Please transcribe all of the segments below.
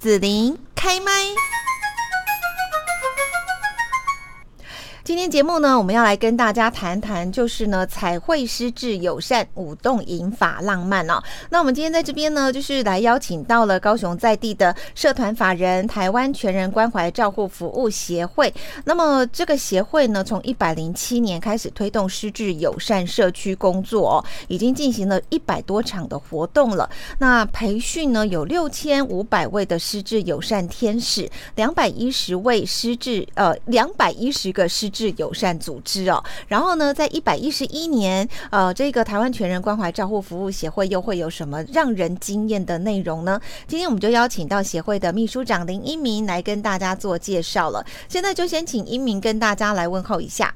子琳開麥。今天節目呢，我們要來跟大家談談，就是呢，彩繪失智友善舞動銀髮浪漫哦。那我們今天在這邊呢，就是來邀請到了高雄在地的社團法人台灣全人關懷照護服務協會。那麼這個協會呢，從一百零七年開始推動失智友善社區工作哦，已經進行了一百多場的活動了。那培訓呢，有六千五百位的失智友善天使，兩百一十位失智呃，兩百一十個失智。是友善組織哦，然後呢，在一百一十一年，呃，這個台灣全人關懷照護服務協會又會有什麼讓人驚艷的內容呢？今天我們就邀請到協會的秘書長林英明來跟大家做介紹了。現在就先請英明跟大家來問候一下。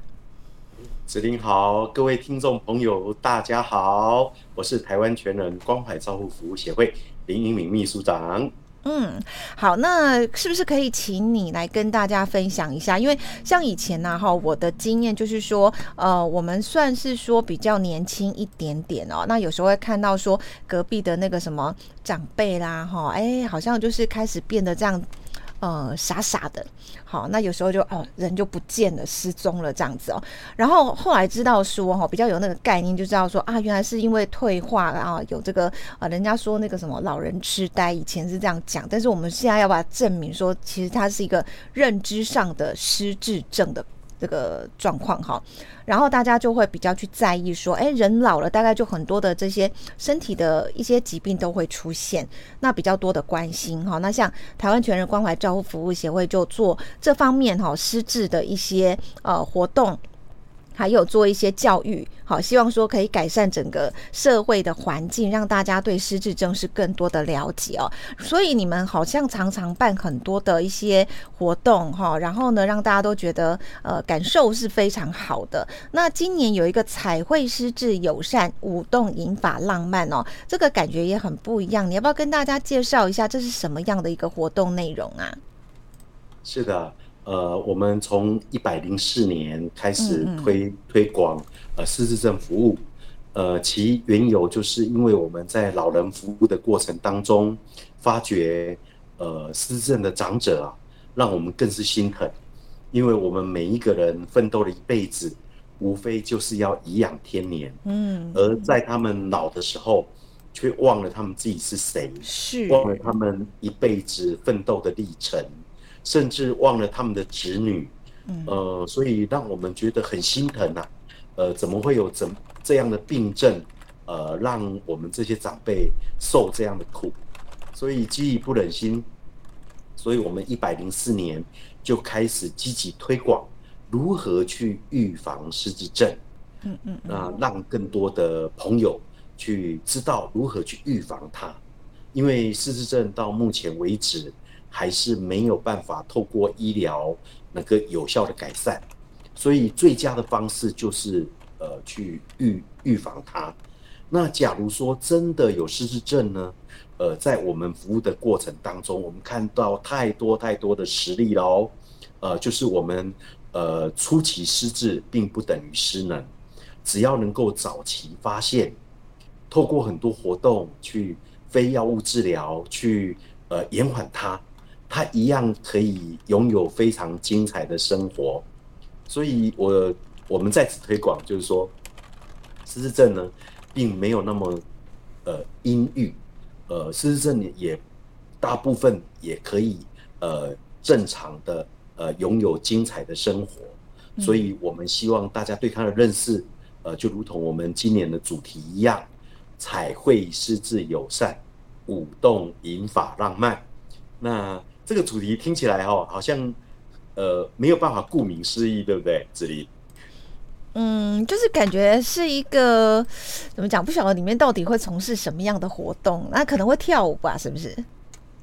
子琳好，各位聽眾朋友，大家好，我是台灣全人關懷照護服務協會林英明秘書長。嗯，好，那是不是可以請你來跟大家分享一下？因為像以前呢，哈，我的經驗就是說，呃，我們算是說比較年輕一點點哦。那有時候會看到說隔壁的那個什麼長輩啦，哈，哎，好像就是開始變得這樣。呃、嗯，傻傻的，好，那有時候就哦、呃，人就不見了，失蹤了這樣子哦。然後後來知道說哦，比較有那個概念就，就知道說啊，原來是因為退化，然啊，有這個啊，人家說那個什麼老人痴呆，以前是這樣講，但是我們現在要把它證明說，其實它是一個認知上的失智症的。這個狀況哈，然後大家就會比較去在意說，哎，人老了，大概就很多的這些身體的一些疾病都會出現，那比較多的關心哈。那像台灣全人關懷照護服務協會就做這方面哈，失智的一些呃活動。還有做一些教育，好，希望說可以改善整個社會的環境，讓大家對失智症是更多的了解哦。所以你們好像常常辦很多的一些活動哈，然後呢，讓大家都覺得呃感受是非常好的。那今年有一個彩繪失智友善舞動銀髮浪漫哦，這個感覺也很不一樣。你要不要跟大家介紹一下這是什麼樣的一個活動內容啊？是的。呃，我們從一百零四年開始推嗯嗯推廣呃失智症服務，呃，其緣由就是因為我們在老人服務的過程當中發，發覺呃失智症的長者啊，讓我們更是心疼，因為我們每一個人奮鬥了一輩子，無非就是要頤養天年，嗯，嗯，而在他們老的時候，卻忘了他們自己是誰，是忘了他們一輩子奮鬥的歷程。甚至忘了他們的子女，嗯，呃，所以讓我們覺得很心疼啊，呃，怎麼會有怎這樣的病症，呃，讓我們這些長輩受這樣的苦，所以基於不忍心，所以我們一百零四年就開始積極推廣，如何去預防失智症，嗯嗯，嗯那讓更多的朋友去知道如何去預防它，因為失智症到目前為止，還是沒有辦法透過醫療那個有效的改善，所以最佳的方式就是呃去預預防它。那假如說真的有失智症呢？呃，在我們服務的過程當中，我們看到太多太多的實例嘍。呃，就是我們呃初期失智並不等於失能，只要能夠早期發現，透過很多活動去非藥物治療去呃延緩它。他一樣可以擁有非常精彩的生活，所以我我們在此推廣，就是說，失智症呢，並沒有那麼呃陰鬱，呃，呃，失智症也大部分也可以呃正常的呃擁有精彩的生活，所以我們希望大家對他的認識，嗯、呃，就如同我們今年的主題一樣，彩繪失智友善，舞動銀髮浪漫，那。這個主題聽起來、哦、好像呃沒有辦法顧名思義，對不對，子琳？嗯，就是感覺是一個怎麼講，不曉得裡面到底會從事什麼樣的活動，那、啊、可能會跳舞吧，是不是？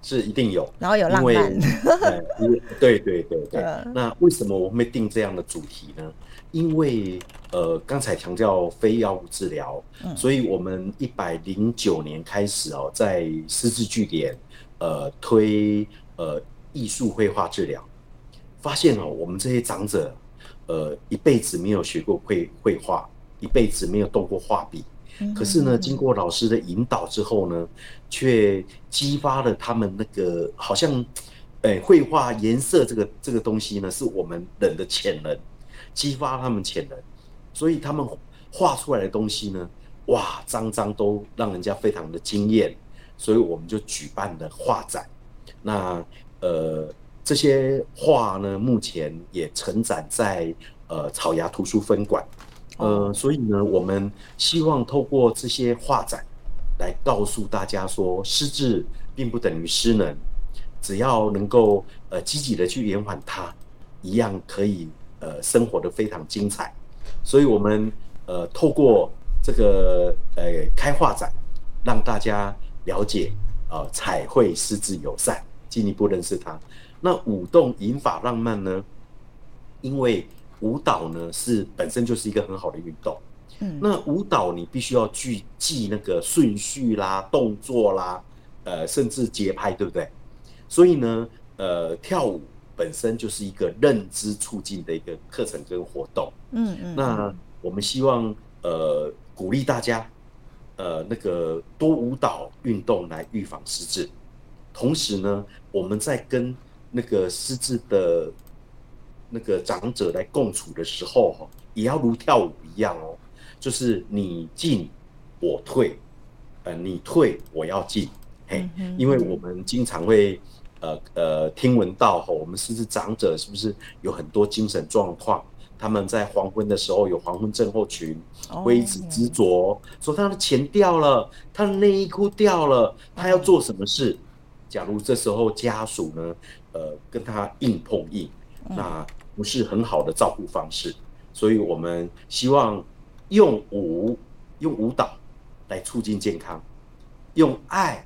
是一定有，然後有浪漫。 對對對對，對，對，對。那為什麼我們會定這樣的主題呢？因為呃剛才強調非藥物治療，嗯、所以我們一百零九年開始哦，在失智據點呃推、嗯。呃，藝術繪畫治療，發現哦，我們這些長者，呃，一輩子沒有學過繪繪畫，一輩子沒有動過畫筆嗯嗯嗯嗯，可是呢，經過老師的引導之後呢，卻激發了他們那個好像，哎、呃，繪畫顏色這個這個東西呢，是我們人的潛能，激發他們潛能，所以他們畫出來的東西呢，哇，張張都讓人家非常的驚艷，所以我們就舉辦了畫展。那呃這些畫呢，目前也承載在呃草衙圖書分館、哦，呃所以呢，我們希望透過這些畫展來告訴大家說，失智並不等於失能，只要能夠呃積極的去延緩它，一樣可以呃生活得非常精彩。所以我們呃透過這個呃開畫展，讓大家了解呃彩繪失智友善。進一步認識他。那舞動銀髮浪漫呢？因為舞蹈呢是本身就是一個很好的運動。嗯。那舞蹈你必須要去記，記那個順序啦、動作啦，呃，甚至節拍，對不對？所以呢，呃，跳舞本身就是一個認知促進的一個課程跟活動。嗯嗯。那我們希望呃鼓勵大家呃那個多舞蹈運動來預防失智。同時呢，我們在跟那個失智的，那個長者來共處的時候，也要如跳舞一樣哦，就是你進我退，呃，你退我要進，嘿，mm -hmm. 因為我們經常會，呃呃，聽聞到哈、哦，我們失智長者是不是有很多精神狀況？他們在黃昏的時候有黃昏症候群，okay. 會一直執着，說他的錢掉了，他的內衣褲掉了，他要做什麼事？Mm -hmm. 假如這時候家屬呢，呃，跟他硬碰硬，嗯、那不是很好的照顧方式。所以我們希望用舞，用舞蹈來促進健康，用愛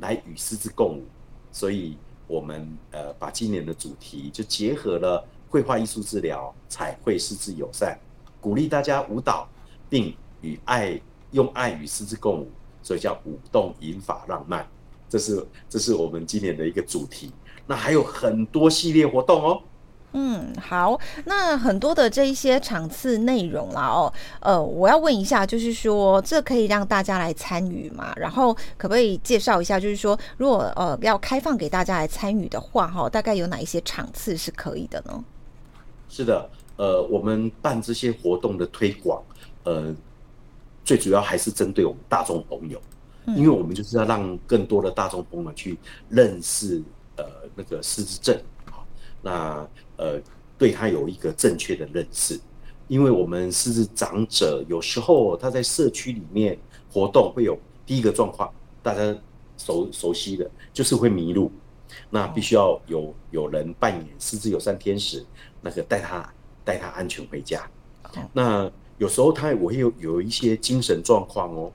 來與失智共舞。所以我們呃，把今年的主題就結合了繪畫藝術治療、彩繪失智友善，鼓勵大家舞蹈，並與愛，用愛與失智共舞。所以叫舞動銀髮浪漫。這是這是我們今年的一個主題，那還有很多系列活動哦。嗯，好，那很多的這一些場次內容啦，哦，呃，我要問一下，就是說這可以讓大家來參與嘛？然後可不可以介紹一下，就是說如果呃要開放給大家來參與的話，哈，大概有哪一些場次是可以的呢？是的，呃，我們辦這些活動的推廣，呃，最主要還是針對我們大眾朋友。因為我們就是要讓更多的大眾朋友去認識、嗯嗯、呃那個失智症，那呃對他有一個正確的認識，因為我們失智長者有時候他在社區裡面活動會有第一個狀況，大家熟熟悉的，就是會迷路，那必須要有有人扮演失智友善天使，那個帶他帶他安全回家。那有時候他我有有一些精神狀況哦。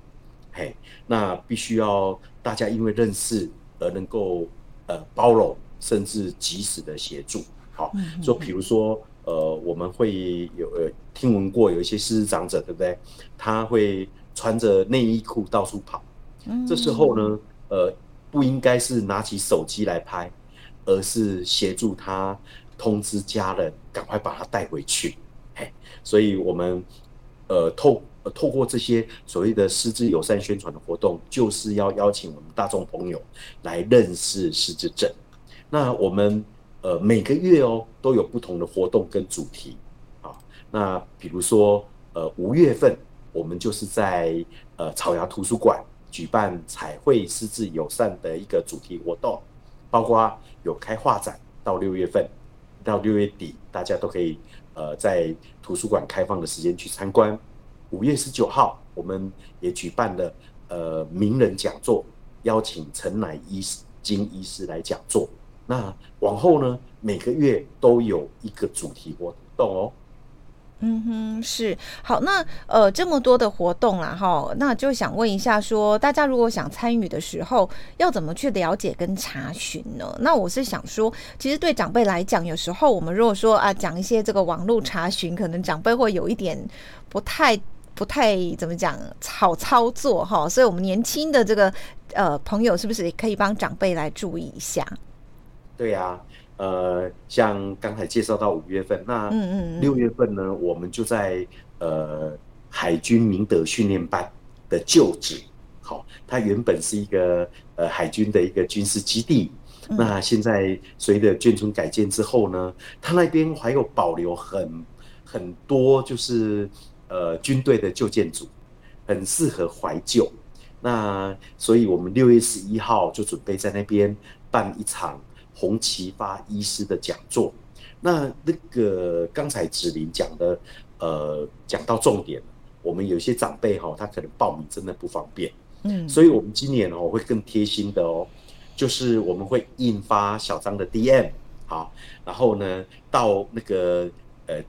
嘿，那必須要大家因為認識而能夠呃包容，甚至及時的協助。好，說、嗯、比、嗯嗯、如說呃，我們會有呃聽聞過有一些失智長者，對不對？他會穿着內衣褲到處跑，嗯嗯嗯這時候呢，呃，不應該是拿起手機來拍，而是協助他通知家人，趕快把他帶回去。嘿，所以我們呃透透過這些所謂的失智友善宣傳的活動，就是要邀請我們大眾朋友來認識失智症。那我們呃每個月哦都有不同的活動跟主題啊。那比如說呃五月份我們就是在呃草衙圖書館舉辦彩繪失智友善的一個主題活動，包括有開畫展。到六月份，到六月底大家都可以呃在圖書館開放的時間去參觀。五月十九號，我們也舉辦了呃名人講座，邀請陳乃醫師、金醫師來講座。那往後呢，每個月都有一個主題活動哦。嗯哼，是好。那呃，這麼多的活動啦，哈，那就想問一下說，說大家如果想參與的時候，要怎麼去了解跟查詢呢？那我是想說，其實對長輩來講，有時候我們如果說啊，講一些這個網絡查詢，可能長輩會有一點不太。不太怎麼講好操作哈、哦，所以我們年輕的這個呃朋友是不是也可以幫長輩來注意一下？對呀、啊，呃，像剛才介紹到五月份，那六月份呢？嗯嗯嗯，我們就在呃海軍明德訓練班的舊址，好、哦，它原本是一個呃海軍的一個軍事基地，嗯嗯，那現在隨着眷村改建之後呢，它那邊還有保留很很多就是。呃，軍隊的舊建築很適合懷舊，那所以我們六月十一號就準備在那邊辦一場洪奇發醫師的講座。那那個剛才子琳講的，呃，講到重點，我們有些長輩哈、哦，他可能報名真的不方便，嗯，所以我們今年哦會更貼心的哦，就是我們會印發小張的 D M，好，然後呢到那個呃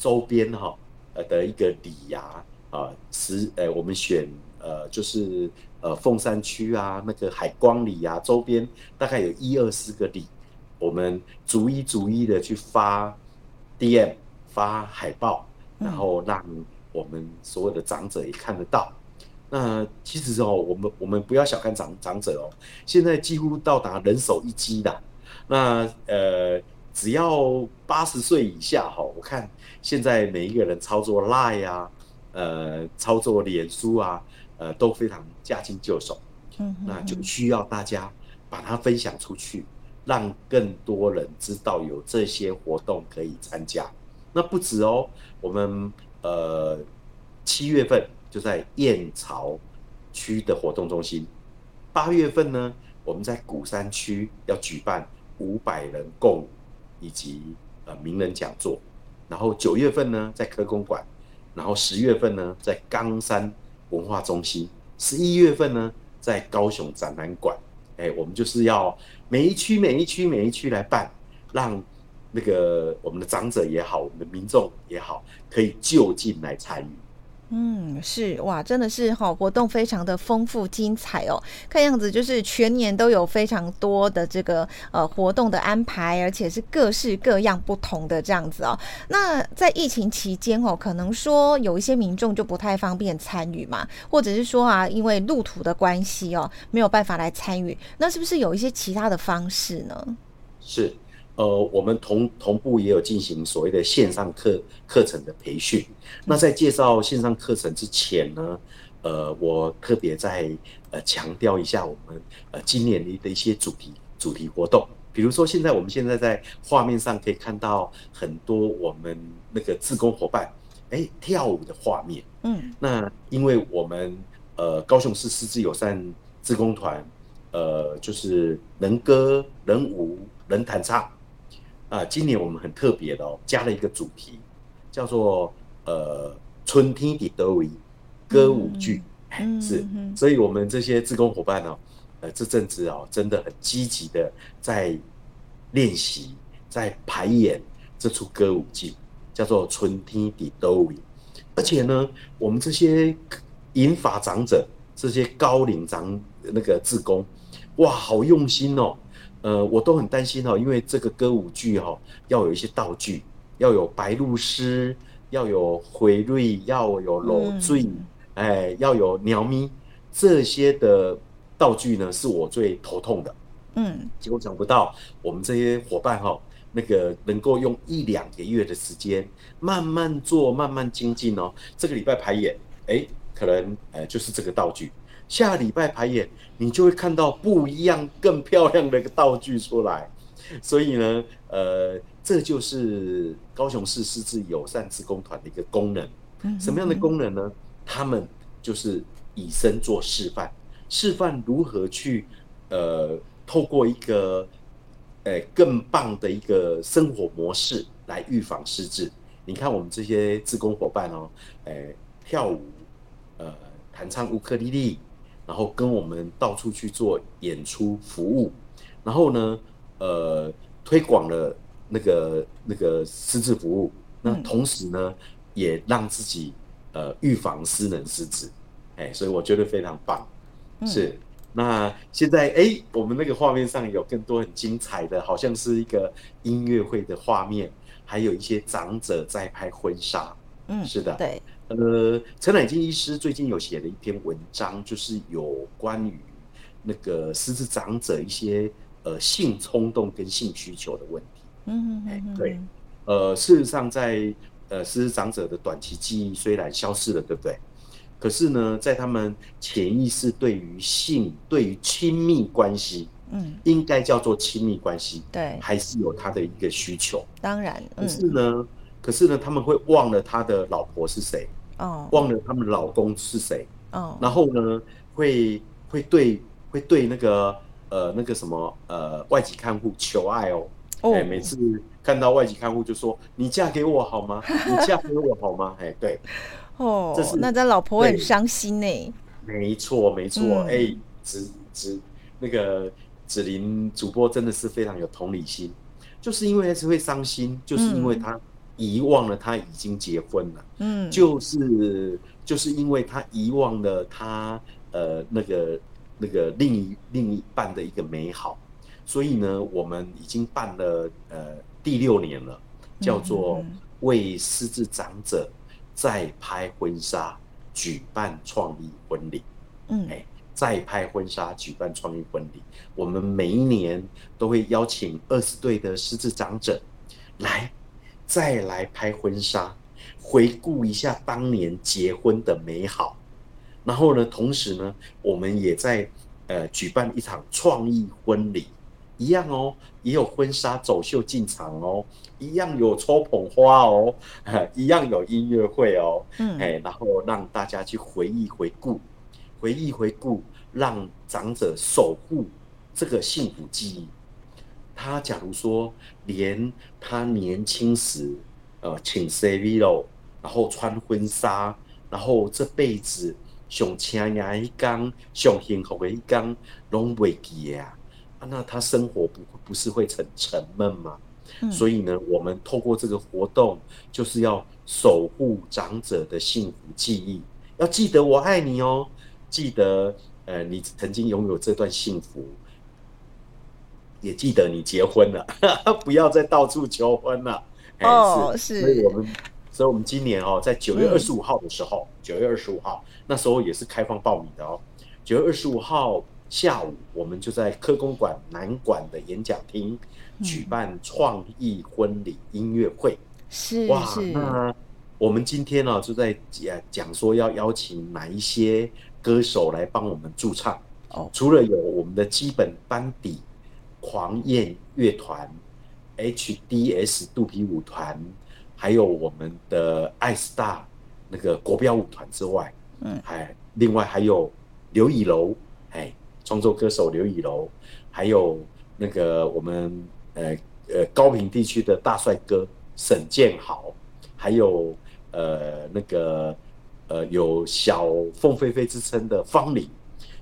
週邊哈、哦。呃的一個里啊，啊，十，呃，我們選，呃，就是，呃，鳳山區啊，那個海光里啊，周邊大概有一二四個里，我們逐一逐一的去發 DM 發海報，然後讓我們所有的長者也看得到。嗯、那其實哦，我們我們不要小看長長者哦，現在幾乎到達人手一機的，那呃。只要八十歲以下，哈，我看現在每一個人操作 Line 呀，啊，呃，操作臉書啊，呃，都非常駕輕就熟。嗯哼哼，那就需要大家把它分享出去，讓更多人知道有這些活動可以參加。那不止哦，我們呃七月份就在燕巢區的活動中心，八月份呢，我們在鼓山區要舉辦五百人共。以及呃名人講座，然後九月份呢，在科工館，然後十月份呢，在岡山文化中心，十一月份呢，在高雄展覽館，哎、欸，我們就是要每一區每一區每一區來辦，讓那個我們的長者也好，我們的民眾也好，可以就近來參與。嗯，是哇，真的是哦，活動非常的豐富精彩哦。看樣子就是全年都有非常多的這個呃活動的安排，而且是各式各樣不同的這樣子哦。那在疫情期間哦，可能說有一些民眾就不太方便參與嘛，或者是說啊，因為路途的關係哦，沒有辦法來參與。那是不是有一些其他的方式呢？是。呃，我們同同步也有進行所謂的線上課課程的培訓。那在介紹線上課程之前呢，呃，我特別在呃強調一下我們呃今年的的一些主題主題活動。比如說現在我們現在在畫面上可以看到很多我們那個志工夥伴哎、欸、跳舞的畫面。嗯。那因為我們呃高雄市失智友善志工團，呃，就是能歌能舞能彈唱。啊，今年我們很特別的哦，加了一個主題，叫做呃，《春天的都威》歌舞劇。嗯，是、嗯，所以我們這些志工夥伴呢、哦，呃，這陣子哦，真的很積極的在練習、在排演這出歌舞劇，叫做《春天的都威》，而且呢，我們這些銀髮長者、這些高齡長那個志工，哇，好用心哦！呃，我都很擔心哦，因為這個歌舞劇哈、哦，要有一些道具，要有白鷺鷥，要有回瑞，要有龍，醉，哎，要有鳥咪，這些的道具呢，是我最頭痛的。嗯，結果想不到，我們這些夥伴哈、哦，那個能夠用一兩個月的時間，慢慢做，慢慢精進哦。這個禮拜排演，哎、欸，可能，哎、呃，就是這個道具。下禮拜排演，你就會看到不一樣、更漂亮的一個道具出來。所以呢，呃，這就是高雄市失智友善志工團的一個功能、嗯。嗯嗯嗯、什麼樣的功能呢？他們就是以身做示範，示範如何去，呃，透過一個，呃，更棒的一個生活模式來預防失智。你看我們這些志工夥伴哦，哎、呃，跳舞，呃，彈唱烏克麗麗，然後跟我們到處去做演出服務，然後呢，呃，推廣了那個那個失智服務，那同時呢，嗯、也讓自己呃預防失能失智。哎、欸，所以我覺得非常棒，是。嗯、那現在哎、欸，我們那個畫面上有更多很精彩的，好像是一個音樂會的畫面，還有一些長者在拍婚紗，嗯，是的，嗯、對。呃，陳乃菁醫師最近有寫了一篇文章，就是有關於那個失智長者一些呃性衝動跟性需求的問題。嗯嗯，嗯對。呃，事實上在，在呃失智長者的短期記憶雖然消失了，對不對？可是呢，在他們潛意識對於性、對於親密關係，嗯，應該叫做親密關係，對，還是有他的一個需求。當然，嗯、可是呢。可是呢，他們會忘了他的老婆是誰，哦、oh.，忘了他們老公是誰，哦、oh.，然後呢，會會對會對那個呃那個什麼呃外籍看護求愛哦、oh. 欸，每次看到外籍看護就說你嫁給我好嗎？你嫁給我好嗎？哎、 欸，對，哦、oh,，那他老婆很傷心呢、欸欸，沒錯沒錯，哎、嗯欸，子子那個子琳主播真的是非常有同理心，就是因為他是會傷心，就是因為他、嗯。遺忘了他已經結婚了，嗯，就是就是因為他遺忘了他呃那個那個另一另一半的一個美好，所以呢，我們已經辦了呃第六年了，叫做為失智長者再拍婚紗，舉辦創意婚禮，嗯，哎，再拍婚紗舉辦創意婚禮、哎，我們每一年都會邀請二十對的失智長者來。再來拍婚紗，回顧一下當年結婚的美好。然後呢，同時呢，我們也在呃舉辦一場創意婚禮，一樣哦，也有婚紗走秀進場哦，一樣有抽捧花哦，一樣有音樂會哦，嗯、欸，然後讓大家去回憶回顧，回憶回顧，讓長者守護這個幸福記憶。他假如說連他年輕時，呃，請 s e r o 然後穿婚紗，然後這輩子上輕盈一剛，上幸福的一剛，攏袂記呀，啊，那他生活不不是會很沉悶嗎？嗯，所以呢，我們透過這個活動，就是要守護長者的幸福記憶，要記得我愛你哦，記得，呃，你曾經擁有這段幸福。也記得你結婚了， 不要再到處求婚了。哦欸、是，是。所以，我們，所以，我們今年哦，在九月二十五號的時候，九、嗯、月二十五號那時候也是開放報名的哦。九月二十五號下午，我們就在科工館南館的演講廳舉辦創意婚禮音樂會。嗯、哇是哇，那我們今天呢，就在講說要邀請哪一些歌手來幫我們助唱哦，除了有我們的基本班底。狂焰樂團、H D S 肚皮舞團，還有我們的愛斯大那個國標舞團之外，嗯，還，另外還有劉以柔，哎，創作歌手劉以柔，還有那個我們呃呃高平地區的大帥哥沈建豪，還有呃那個呃有小鳳飛飛之稱的方齡，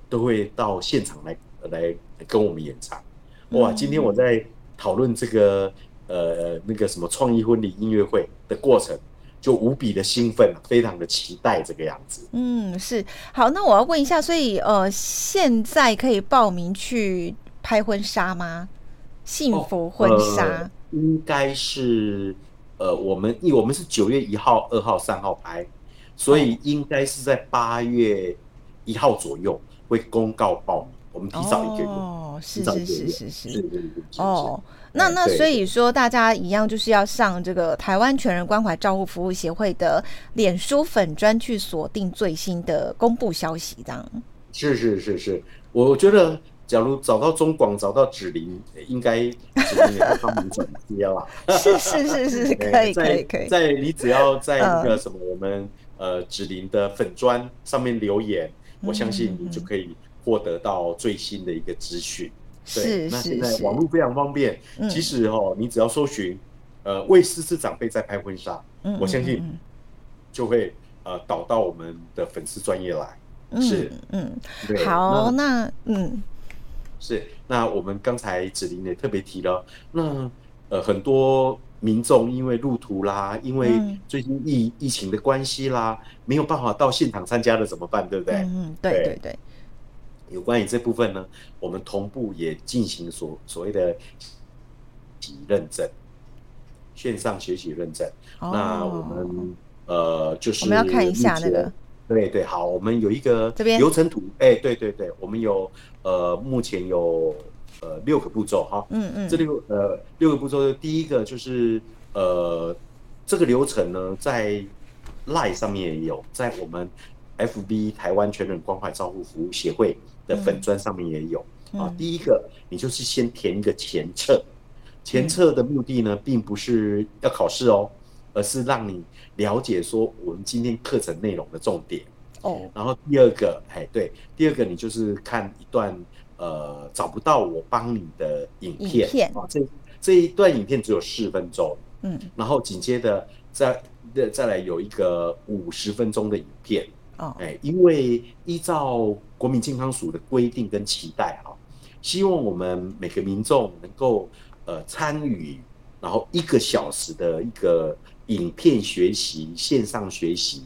都會到現場來來跟我們演唱。哇，今天我在討論這個呃那個什麼創意婚禮音樂會的過程，就無比的興奮，非常的期待這個樣子。嗯，是。好，那我要問一下，所以呃，現在可以報名去拍婚紗嗎？幸福婚紗？哦，呃，應該是呃，我們因為我們是九月一號、二號、三號拍，所以應該是在八月一號左右會公告報名。哦我們提早一個，提、哦、是是是是。早一個是是是是，對對對，哦是是，嗯，那那所以說，大家一樣就是要上這個台灣全人關懷照護服務協會的臉書粉專去鎖定最新的公布消息，這樣。是是是是，我覺得假如找到中廣，找到子琳，應該子琳也會幫忙轉接啦。 是是是是，可以可以可以，在，在你只要在一個什麼我們呃子琳的粉專上面留言，嗯嗯嗯，我相信你就可以。獲得到最新的一個資訊，對，是，是，是。那現在網絡非常方便，其實哦，嗯、你只要搜尋，呃，為失智長輩在拍婚紗，嗯嗯嗯，我相信就會呃導到我們的粉絲專業來。嗯嗯是嗯，好，那，那，那嗯是，是那我們剛才子琳也特別提了，那、呃、很多民眾因為路途啦，因為最近疫、嗯、疫情的關係啦，沒有辦法到現場參加的怎麼辦？對不對？嗯，嗯，對對對，對。有關於這部分呢，我們同步也進行所所謂的，體認證，線上學習認證。Oh, 那我們呃就是我們要看一下那個，對對，好，我們有一個流程圖。哎、欸，對對對，我們有呃目前有呃六個步驟哈。嗯嗯，這六呃六個步驟，第一個就是呃這個流程呢，在 line 上面也有，在我們 FB 台灣全人關懷照護服務協會。的粉專上面也有啊。第一個，你就是先填一個前測，前測的目的呢，並不是要考試哦，而是讓你了解說我們今天課程內容的重點哦。然後第二個，哎對，第二個你就是看一段呃找不到我幫你的影片這、啊、這一段影片只有四分鐘，嗯，然後緊接着再再再來有一個五十分鐘的影片。哎，因為依照國民健康署的規定跟期待哈、啊，希望我們每個民眾能夠呃參與，然後一個小時的一個影片學習，線上學習，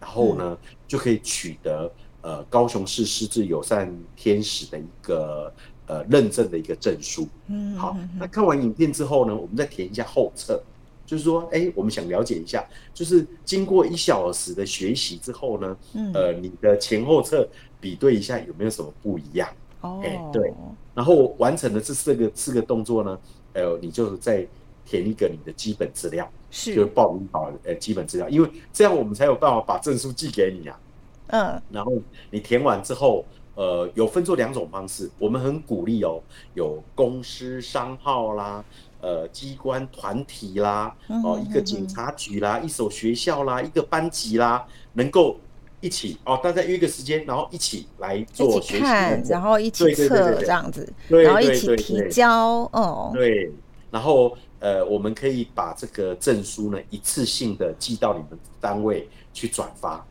然後呢就可以取得呃高雄市失智友善天使的一個呃認證的一個證書。嗯，好，那看完影片之後呢，我們再填一下後測。就是說，哎、欸，我們想了解一下，就是經過一小時的學習之後呢，嗯，呃，你的前後側比對一下有沒有什麼不一樣？哦，欸、對，然後完成了這四個四個動作呢，呃，你就再填一個你的基本資料，是，就是、報名好了，呃，基本資料，因為這樣我們才有辦法把證書寄給你啊。嗯，然後你填完之後，呃，有分做兩種方式，我們很鼓勵哦，有公司商號啦。呃，機關團體啦，哦，一個警察局啦，嗯嗯、一所學校啦、嗯，一個班級啦，能夠一起哦，大家約一個時間，然後一起來做學習，然後一起測，對對對對，這樣子對對對對。然後一起提交哦、嗯。對，然後呃，我們可以把這個證書呢，一次性的寄到你們的單位去轉發。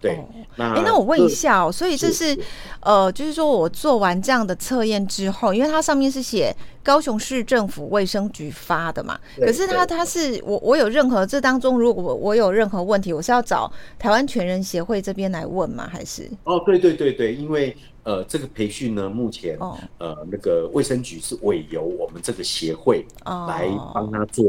對，對、哦，那，誒，那我問一下哦、就是，所以這是，呃，就是說我做完這樣的測驗之後，因為它上面是寫高雄市政府衛生局發的嘛，可是它它是我我有任何這當中，如果我我有任何問題，我是要找台灣全人協會這邊來問嗎？還是？哦，對對對對，因為。呃，這個培訓呢，目前、哦、呃，那個衛生局是委由我們這個協會來幫他做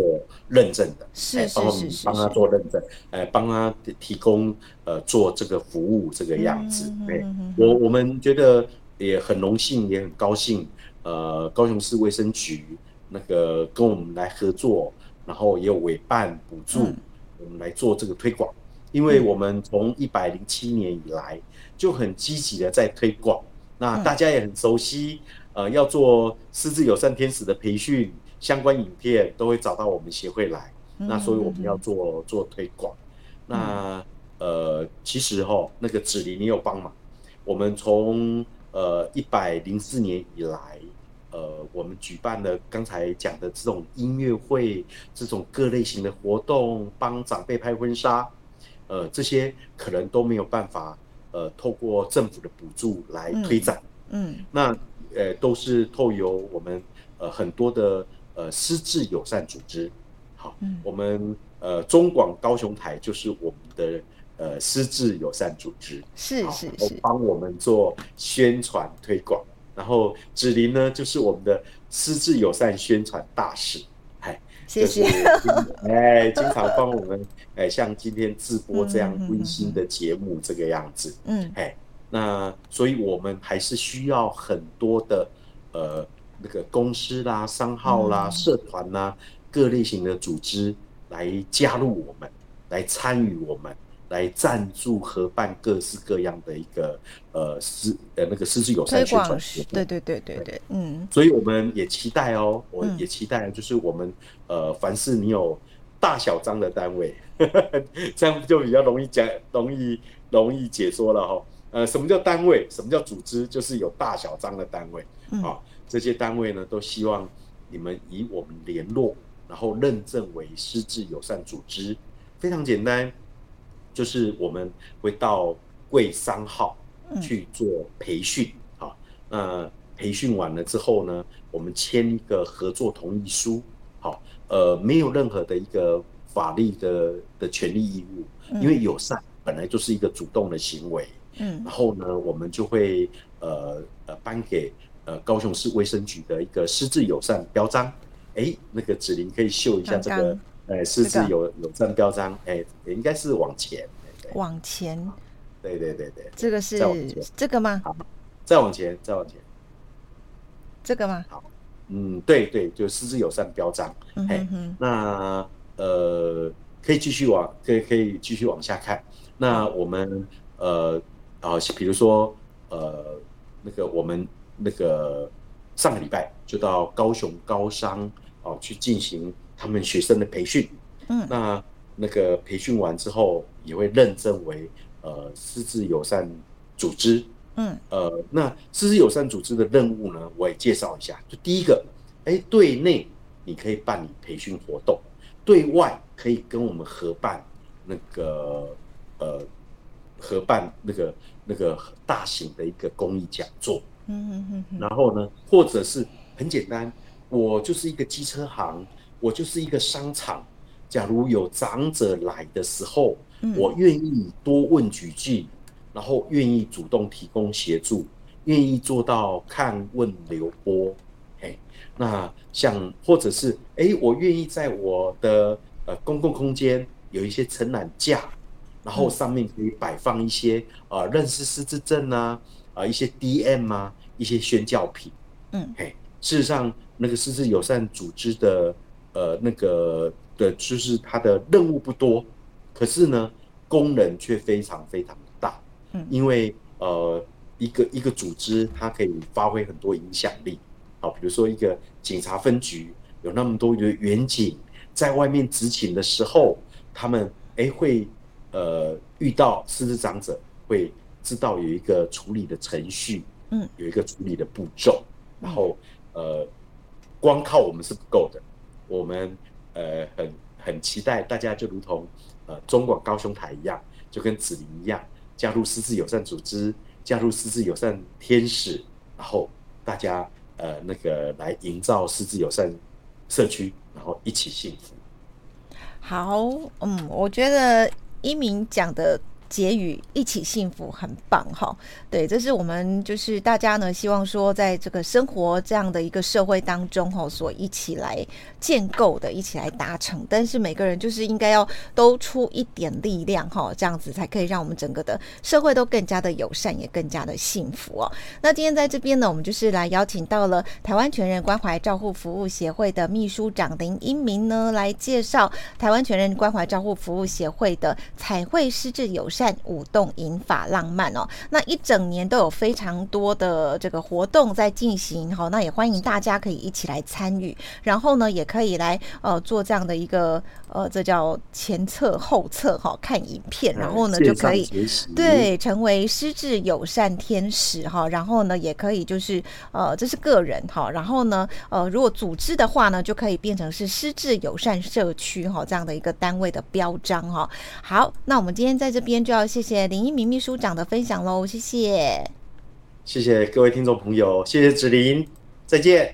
認證的，哦哎、是是是，是，幫他做認證，呃、哎，幫他提供呃做這個服務這個樣子。對、嗯哎，我我們覺得也很榮幸，也很高興。呃，高雄市衛生局那個跟我們來合作，然後也有委辦補助、嗯，我們來做這個推廣。因為我們從一百零七年以來就很積極的在推廣，嗯、那大家也很熟悉，嗯、呃，要做失智友善天使的培訓，相關影片都會找到我們協會來，嗯、那所以我們要做做推廣。嗯、那呃，其實吼、哦，那個子琳你有幫忙，我們從呃一百零四年以來，呃，我們舉辦了剛才講的這種音樂會，這種各類型的活動，幫長輩拍婚紗。呃，這些可能都沒有辦法，呃，透過政府的補助來推展。嗯，嗯那呃，都是透過我們呃很多的呃，失智友善組織。好，嗯、我們呃中廣高雄台就是我們的呃失智友善組織。是是是，幫我們做宣傳推廣。然後子琳呢，就是我們的失智友善宣傳大使。.謝、就、謝、是， 哎，經常幫我們哎，像今天直播這樣溫馨的節目這個樣子，嗯，嗯哎，那所以我們還是需要很多的呃那個公司啦、商號啦、嗯、社團啦，各類型的組織來加入我們，來參與我們。來贊助合辦各式各樣的一個呃失呃那個失智友善宣對對對對對，嗯。所以我們也期待哦，我也期待，就是我們、嗯、呃，凡是你有大小章的單位呵呵，這樣就比較容易講，容易容易解說了哈、哦。呃，什麼叫單位？什麼叫組織？就是有大小章的單位、嗯、啊。這些單位呢，都希望你們以我們聯絡，然後認證為失智友善組織，非常簡單。就是我們會到貴商號去做培訓，好、嗯啊，呃，培訓完了之後呢，我們簽一個合作同意書，好、啊，呃，沒有任何的一個法律的的權利義務，因為友善本來就是一個主動的行為，嗯，然後呢，我們就會呃呃頒給呃高雄市衛生局的一個“失智友善”標章，誒，那個子琳可以秀一下這個。剛剛哎，失智友友善的標章，哎、這個，也應該是往前對對對對對，往前，對對對對，對，這個是這個嗎？再往前，再往前，這個嗎？嗯，對對，就失智友善的標章，哎、嗯，那呃，可以繼續往，可以可以繼續往下看。那我們呃啊、呃，比如說呃，那個我們那個上個禮拜就到高雄高商哦、呃、去進行。他們學生的培訓，嗯，那那個培訓完之後也會認證為呃，失智友善組織，嗯，呃，那失智友善組織的任務呢，我也介紹一下。就第一個，哎、欸，對內你可以辦理培訓活動，對外可以跟我們合辦那個呃合辦那個那個大型的一個公益講座，嗯嗯嗯。然後呢，或者是很簡單，我就是一個機車行。我就是一個商場，假如有長者來的時候，我願意多問幾句，然後願意主動提供協助，願意做到看、問、留、撥。那像或者是哎、欸，我願意在我的、呃、公共空間有一些陳列架，然後上面可以擺放一些啊、呃，認識失智症啊、呃，一些 DM 啊，一些宣教品。嗯，嘿事實上那個失智友善組織的。呃，那個的就是他的任務不多，可是呢，功能卻非常非常大。嗯，因為呃，一個一個組織它可以發揮很多影響力。好，比如說一個警察分局有那麼多的員警在外面執勤的時候，他們哎、欸、會呃遇到失智長者，會知道有一個處理的程序，嗯，有一個處理的步驟，然後呃，光靠我們是不夠的。我們呃很很期待大家就如同呃中廣高雄台一樣，就跟子琳一樣加入失智友善組織，加入失智友善天使，然後大家呃那個來營造失智友善社區，然後一起幸福。好，嗯，我覺得英明講的結語“一起幸福”很棒哈。對，這是我們就是大家呢希望說在這個生活這樣的一個社會當中哈，所一起來。建構的，一起來達成，但是每個人就是應該要都出一點力量哈，這樣子才可以讓我們整個的社會都更加的友善，也更加的幸福哦。那今天在這邊呢，我們就是來邀請到了台灣全人關懷照護服務協會的祕書長林英明呢，來介紹台灣全人關懷照護服務協會的彩繪、失智友善、舞動、銀髮、浪漫哦。那一整年都有非常多的這個活動在進行哈，那也歡迎大家可以一起來參與，然後呢也。可以來呃做這樣的一個呃，這叫前測後測哈，看影片，然後呢就可以對成為失智友善天使哈，然後呢也可以就是呃這是個人哈，然後呢呃如果組織的話呢，就可以變成是失智友善社區哈，這樣的一個單位的標章哈。好，那我們今天在這邊就要謝謝林英明秘書長的分享嘍，謝謝，謝謝各位聽眾朋友，謝謝子琳，再見。